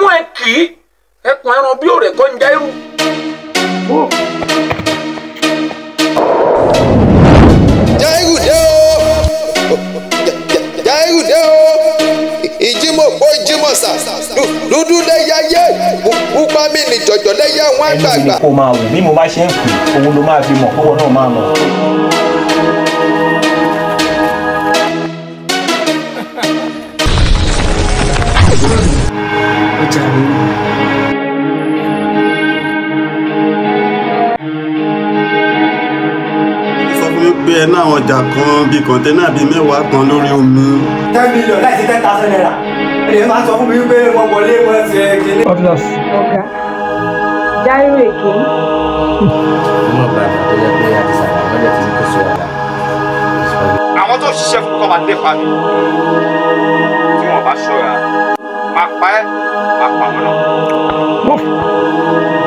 mú ẹ kì í ẹkùn ẹran bí òrè kọ́ ń já irú. dúdú lẹ́yà yé pupa mi ní jọ̀jọ̀ lẹ́yà wọn àgbààgbà. ẹni tí kò máa wù bí mo bá ṣe ń pè òun ló máa fi mọ̀ kówó náà máa mọ̀. jàre. sọ fún àwọn ọjà kan bíi kọ̀ńténà bíi mẹ́wàá kan lórí omi. ten million láì sí ten thousand naira èyí máa sọ fún mi pé wọ́n wọlé wọ́n ṣe kéde. ọ̀gá jáírò èké. ọmọ ọba tó yẹ pé a ti sàrà lọ́jọ́ tí kò sí ọ̀la. àwọn tó ṣiṣẹ́ fún kọ́ máa dé pa mi. vámonos.